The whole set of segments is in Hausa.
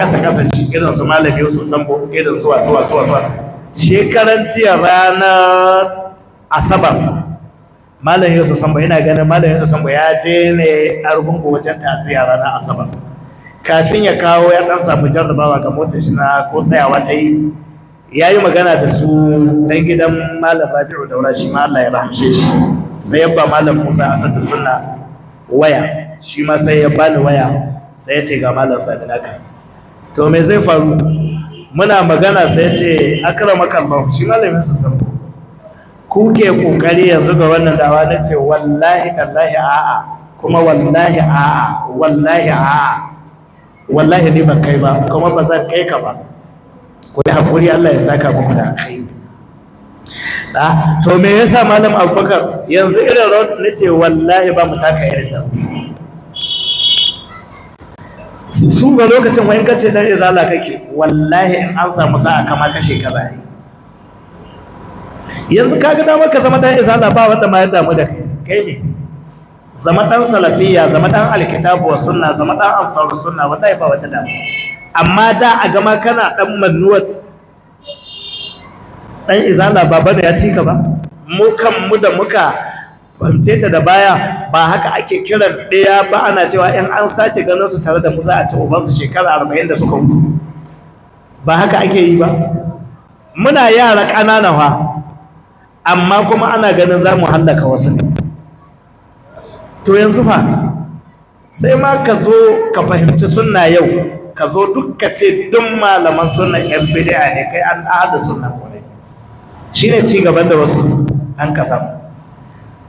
kasa kasa shi irin su su san bo irin su wasu wasu wasu shekaran jiya ranar asabar malam yusuf sambo yana ganin malam yusuf sambo ya je ne argungu wajen taziya ranar asabar kafin ya kawo ya dan samu jarrabawa ga motar shi na ko tsayawa ta yi ya yi magana da su dan gidan malam rabi'u daura shi ma Allah ya rahamshe shi sai yabba malam musa asad da sunna waya shi ma sai ya bani waya sai ya ce ga malam sami naka to me zai faru muna magana sai ce akramaka Allah shi malamin sa san ku ke kokari yanzu ga wannan dawa na ce wallahi tallahi a'a kuma wallahi a'a wallahi a'a wallahi ni ban kai ba kuma ba zan kai ka ba ku yi hakuri Allah ya saka muku da alkhairi da to me yasa malam abubakar yanzu irin rawar na ce wallahi ba mu taka irin ta su ga lokacin wani kace dan izala kake wallahi in an samu sa'a kama kashe ka zai yanzu ka ga damar ka zama dan izala ba wanda ma ya damu da kai ne zama dan salafiyya zama dan alkitabu wa sunna zama dan ansaru sunna wallahi ba wata damu amma da a gama kana dan mannuwat dan izala ba da ya ci ba mu kan mu da muka kwamce ta da baya ba haka ake kiran ɗaya ba ana cewa in an sace ganin su tare da mu za a ci ubansu shekara arba'in da suka wuce ba haka ake yi ba muna yara ƙanana amma kuma ana ganin za mu hallaka wasu ne to yanzu fa sai ma ka zo ka fahimci sunna yau ka zo duk ka ce duk malaman sunan ‘yan bidiya ne kai an ahada sunan kwarai shi ne ci gaban da wasu an ka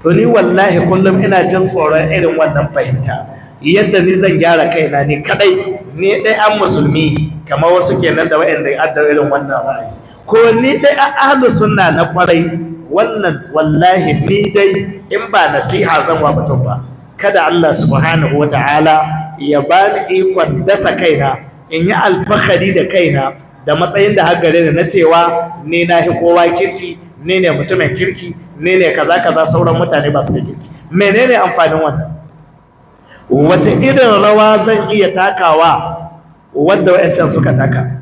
to ni wallahi kullum ina jin tsoron irin wannan fahimta yadda ni zan gyara kaina ni kadai ni dai an musulmi kamar wasu kenan da waɗanda addar irin wannan ra'ayi ko ni dai ahlu sunna na kwarai wannan wallahi ni dai in ba nasiha zan wa mutum ba kada Allah subhanahu wataala ya bani ikon dasa kaina in yi alfahari da kaina da matsayin da hagare da na cewa ni na hi kowa kirki ni ne mutumin kirki ni ne kaza kaza sauran mutane ba su da kirki menene amfanin wannan wace irin rawa zan iya takawa wadda wa'ancan suka taka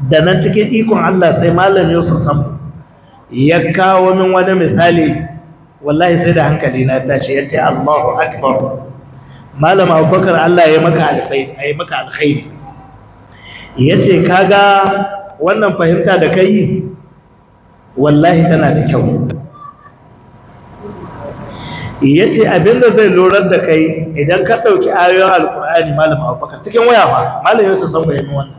da nan cikin ikon Allah sai malam Yusuf sam ya kawo min wani misali wallahi sai da hankali na tashi ya ce Allahu akbar malam Abubakar Allah ya maka alkhairi Ya maka alkhairi yace kaga wannan fahimta da kai wallahi tana da kyau ya ce abinda zai lorar da kai idan ka ɗauki ayoyin alkur'ani malam abubakar cikin waya ba malam yau su san mai wannan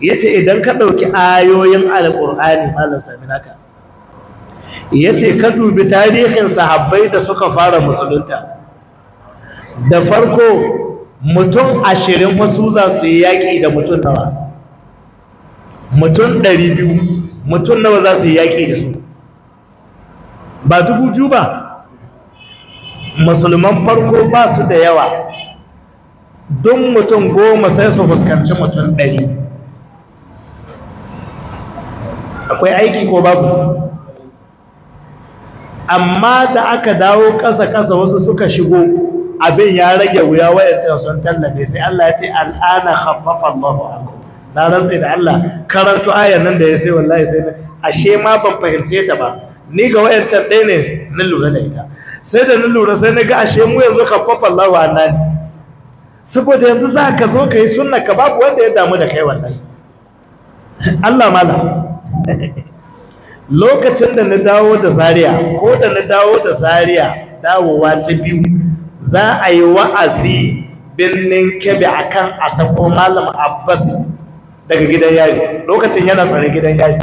ya ce idan ka ɗauki ayoyin alkur'ani malam sami naka ya ce ka dubi tarihin sahabbai da suka fara musulunta da farko mutum ashirin wasu za su yi yaƙi da mutum nawa mutum ɗari biyu mutum nawa za su yi yaƙi da su ba dubu biyu ba musulman farko ba su da yawa don mutum goma sai su fuskanci mutum ɗari akwai aiki ko babu amma da aka dawo ƙasa-ƙasa wasu suka shigo abin ya rage wuya wayancin sun tallafe sai Allah ya ce al'ana khaffafa Allahu ankum na rantse da Allah karanto ayar nan da ya sai wallahi sai ashe ma ban fahimce ta ba ni ga wayancan ɗaya ne na lura da ita sai da na lura sai na ga ashe mu yanzu ka fafa lawa nan saboda yanzu za ka zo ka yi sunna ka babu wanda ya damu da kai wallahi Allah mala lokacin da na dawo da zaria ko da na dawo da zaria dawowa ta biyu za a yi wa'azi birnin kebe akan a sako malam abbas daga gidan yari lokacin yana tsare gidan yari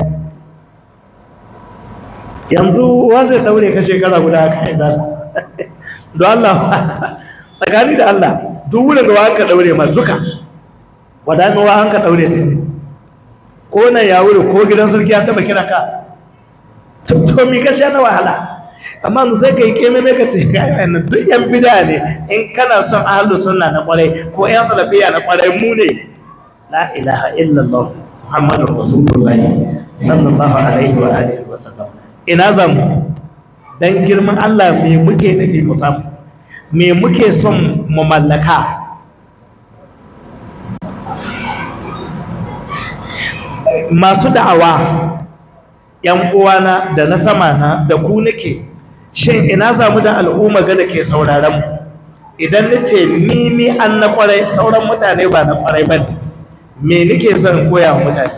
yanzu wa zai daure ka shekara guda ka yi su don Allah tsakani da Allah duk wurin da an ka daure ma duka wadannan an ka daure ta ko nan ya wuri ko gidan sarki ya taba kira ka tuttomi ka sha na wahala amma da sai ka yi keme mai ka ce duk yan bida ne in kana son ahalu sunna na kwarai ko yan salafiya na kwarai mu ne la ilaha illallah muhammadur rasulullahi sallallahu alaihi wa alihi wa sallam ina zamu dan girman Allah me muke nufi mu samu me muke son mu mallaka masu da'awa yan uwana da na sama na da ku nake shin ina zamu da al'umma gada ke sauraron mu idan nace ni ni an na kwarai sauran mutane ba na kwarai bane me nake son koya wa mutane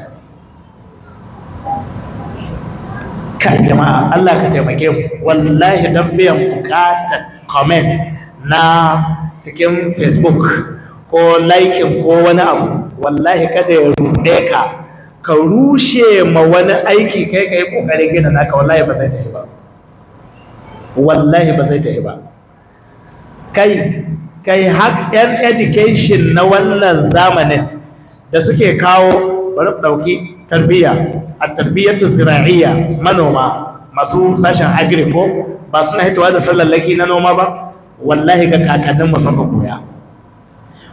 ka jama'a Allah ka taimake mu wallahi dan biyan bukata comment na cikin facebook ko laikin ko wani abu wallahi kada ya rude ka ka rushe ma wani aiki kai kai kokarin gina naka wallahi ba zai ta yi ba wallahi ba zai ta yi ba kai kai har education na wannan zamanin da suke kawo bari ɗauki tarbiyya a tarbiyyar zira'iyya manoma masu sashen agri ko ba suna hitowa da sallallaki na noma ba wallahi ga kakannin sun koya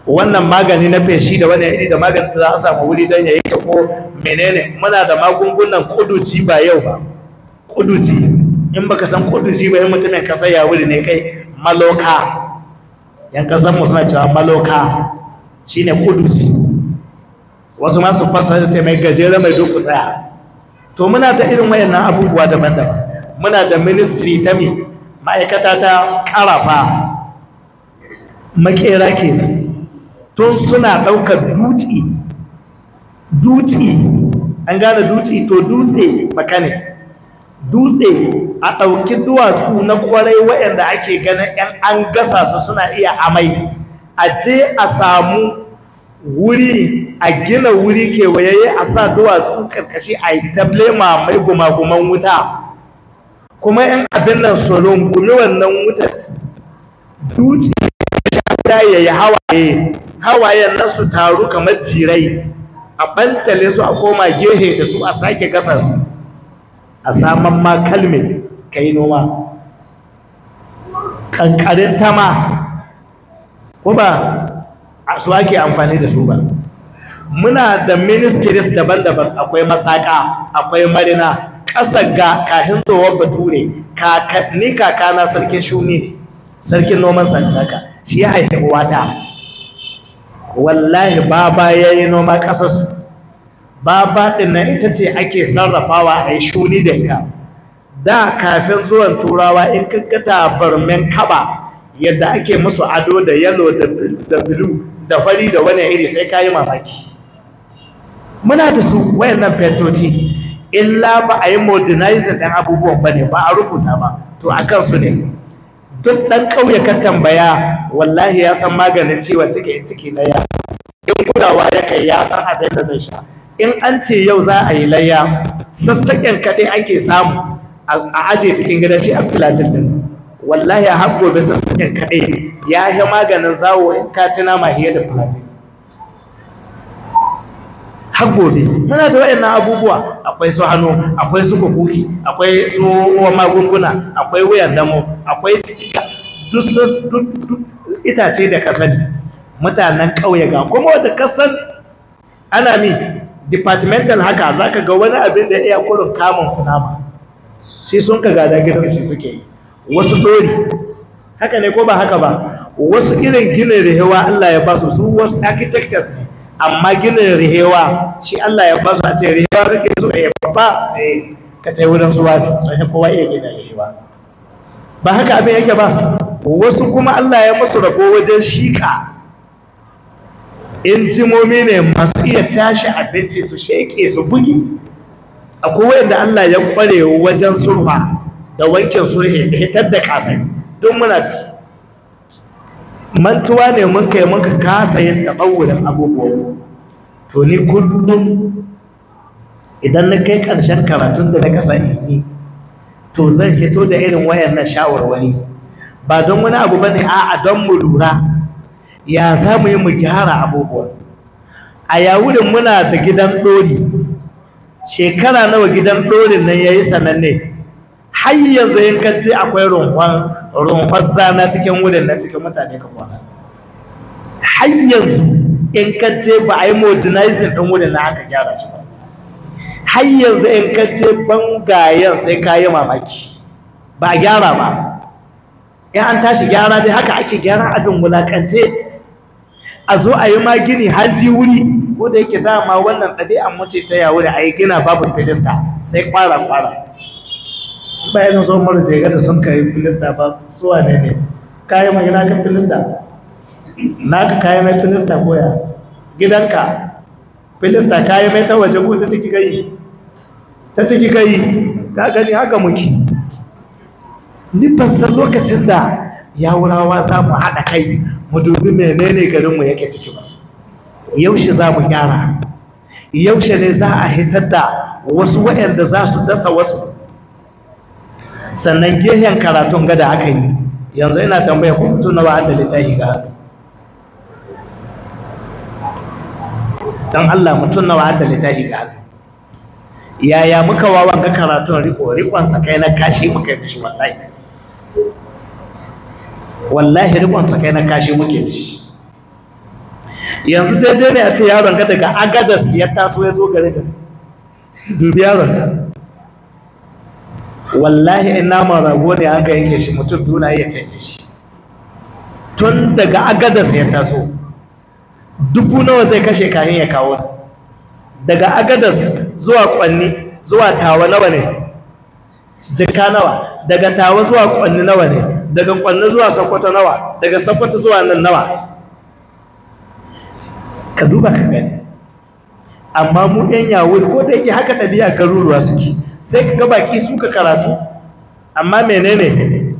wannan magani na feshi da wani iri da magani da za a samu wuri don ya ta ko menene muna da magungunan kuduci ba yau ba kuduci in baka san kuduci ba yin ya kasa ya wuri ne kai maloka yan kasan mu suna cewa maloka shine kuduci wasu masu fasa sai mai gajere mai duk tsaya to muna da irin wayannan abubuwa daban-daban muna da ministry ta mi ma'aikata ta karafa makera kenan tun suna ɗaukar dutse dutse an gane dutse to dutse ne. dutse a ɗauki duwatsu na kwarai waɗanda ake ganin ‘yan an gasa su suna iya amai a je a samu wuri a gina wuri kewayaye a sa duwatsu karkashi a yi tablema mai gumaguman wuta kuma yan abin nan solon gumi wannan wutar dutse ya yi hawaye hawaye na su taru kamar jirai a bantale su a koma gehe da su a sake gasa su a saman ma kalme ka yi noma ƙanƙarin tama ko ba su ake amfani da su ba muna da ministries daban-daban akwai masaka akwai marina ƙasar ga kahin tsohon bature ni kakana sarkin shuni ne sarkin noman sandaka shi ya haifi wata wallahi baba ya yi noma ƙasarsu baba na ita ce ake sarrafawa a yi shuni da ita da kafin zuwan turawa in kankata barmen kaba yadda ake musu ado da yalo da bulu da fari da wani iri sai ka yi mamaki muna da su wayannan fentoti illa ba a yi modernizing ɗan abubuwan ba ne ba a rubuta ba to a su ne duk ɗan ƙauye ka tambaya wallahi ya san maganin ciwon ciki ciki na ya in kulawa ya kai ya san abin da zai sha in an ce yau za a yi layya sassaƙen kaɗai ake samu a aje cikin gidan shi a filajin din wallahi a haƙo bisa sassaƙen kaɗai ya yi maganin zawo in ka ci nama fiye da filajin har gobe muna da waɗannan abubuwa akwai su hannu akwai su kukuki akwai su magunguna akwai wuyan damo akwai tika itace da kasani mutanen ƙauye ga kuma wata kasan ana mi departmental haka za ka ga wani abin da iya kurin kamun kunama shi sun ka gada gidan shi suke yi wasu ɗori haka ne ko ba haka ba wasu irin ginin rihewa Allah ya ba su su wasu architectures ne amma ginin rihewa shi Allah ya ba su a ce rihewa ke zuwa ya babba sai eh, ka yi wurin zuwa sai kowa iya gina rihewa ba haka abin yake ba wasu kuma Allah ya musu rabo wajen shika injimomi ne masu iya tashi abinci su sheke su bugi akwai wanda Allah ya kware wajen sulha da wankin sulhe da hitar da kasani don muna mantuwa ne mun kai muka kasa yin taɓawurin abubuwan to ni kullum idan na kai ƙarshen karatun da na kasa yi to zan hito da irin wayan na shawarwari ba don wani abu ba ne a don mu lura ya za mu yi mu gyara abubuwa a yawurin muna da gidan ɗori shekara nawa gidan ɗorin nan ya yi sananne har yanzu yin kacce akwai runhon rumfar zana cikin wurin na cikin mutane ka kwana har yanzu in ka ce ba a yi modernizing ɗin wurin na aka gyara shi ba har yanzu in ka ce bangayen sai ka yi mamaki ba a gyara ba in an tashi gyara dai haka ake gyara abin wulakance a zo a yi ma gini haji wuri ko da yake dama wannan an mace ta yawo wuri a yi gina babu pedestal sai kwara kwara bayan zo mara jega da sun kayi filista ba zuwa ne ne kayan mai gina kan filista Na ka kayan mai filista koya gidanka filista kayan mai ta waje ko ta ciki kai ta ciki kai ka gani haka muke ni ban lokacin da yawurawa za mu haɗa kai mu dubi menene garinmu yake ciki ba yaushe za mu gyara yaushe ne za a hitar da wasu waɗanda za su dasa wasu sannan gehen karatun gada aka yi yanzu ina tambaya ku mutum na ba'ad da littafi ga hannu don Allah mutum na ba'ad da littafi ga hannu yaya muka wawan ga karatun riko rikonsa kai na kashi muka yi shi wallahi wallahi rikon kai na kashi muka yi shi yanzu daidai ne a ce yaron ga daga agadas ya taso ya zo gare da dubi yaron da wallahi ina ma rago ne aka yanke shi mutum biyu na iya canje shi tun daga agadas ya taso dubu nawa zai kashe kahin ya kawo daga agadas zuwa kwanni zuwa tawa nawa ne jika nawa daga tawa zuwa kwanni nawa ne daga kwanni zuwa sakwata nawa daga sakwata zuwa nan nawa ka duba ka gani amma mu yan yawon ko da yake haka ɗabi'a garuruwa suke sai ka ga su suka karatu amma menene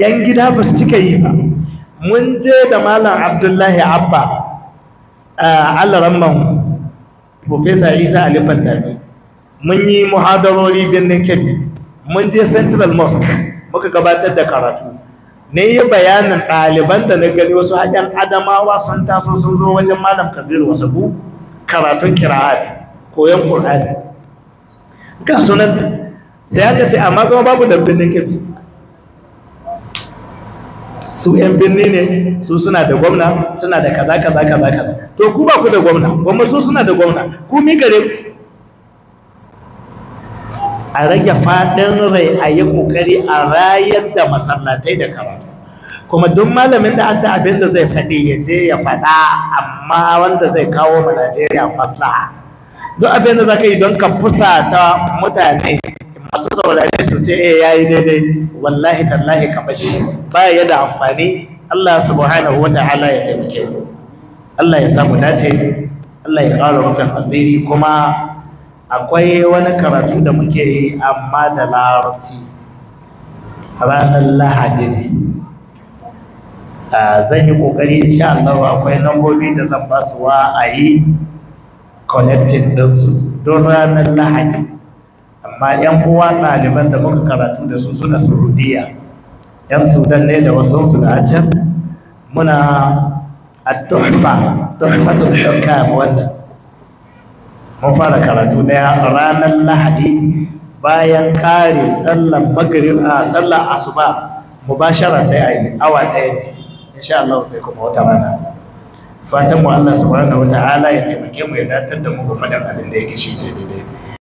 yan gida ba su cika yi ba mun je da malam abdullahi abba a eh, alaramman profesa isa alifantami mun yi muhadarori birnin kebbi mun je central mosque muka gabatar da karatu ne yi bayanin ɗaliban da na gani wasu haɗin adamawa sun taso sun zo wajen malam kabiru wasu bu karatun kira'at koyon ƙur'ani ga sunan sai aka ce amma kuma babu da birnin su 'yan birni ne su suna da gwamna suna da kaza kaza kaza kaza to ku ba ku da gwamna gwamna su suna da gwamna ku mi gare ku a rage faɗin rai a yi ƙoƙari a rayar da masallatai da karatu kuma duk malamin da adda abin da zai faɗi ya je ya faɗa amma wanda zai kawo ma Najeriya maslaha duk abin da za ka yi don ka fusata mutane masu saurare su ce eh yayi daidai wallahi tallahi ka bashi ba ya da amfani Allah subhanahu ala ya taimake Allah ya samu dace Allah ya ƙara rufin asiri kuma akwai wani karatu da muke yi amma da larabci ranar lahadi ne ah, zan yi ƙoƙari insha Allah akwai lambobi da zan basuwa a yi connecting ɗinsu don ranar lahadi amma yan uwa ɗaliban da muka karatu da su suna surudiya yan sudan ne da wasansu da a can muna a tuhfa tuhfatul kayan wannan mun fara karatu na ranar lahadi bayan kare sallar magrib a sallar asuba mubashara sai a yi awa ɗaya ne insha Allah sai kuma wata rana fatan mu Allah subhanahu ta'ala ya taimake mu ya datar da mu ga faɗin abin da yake shi daidai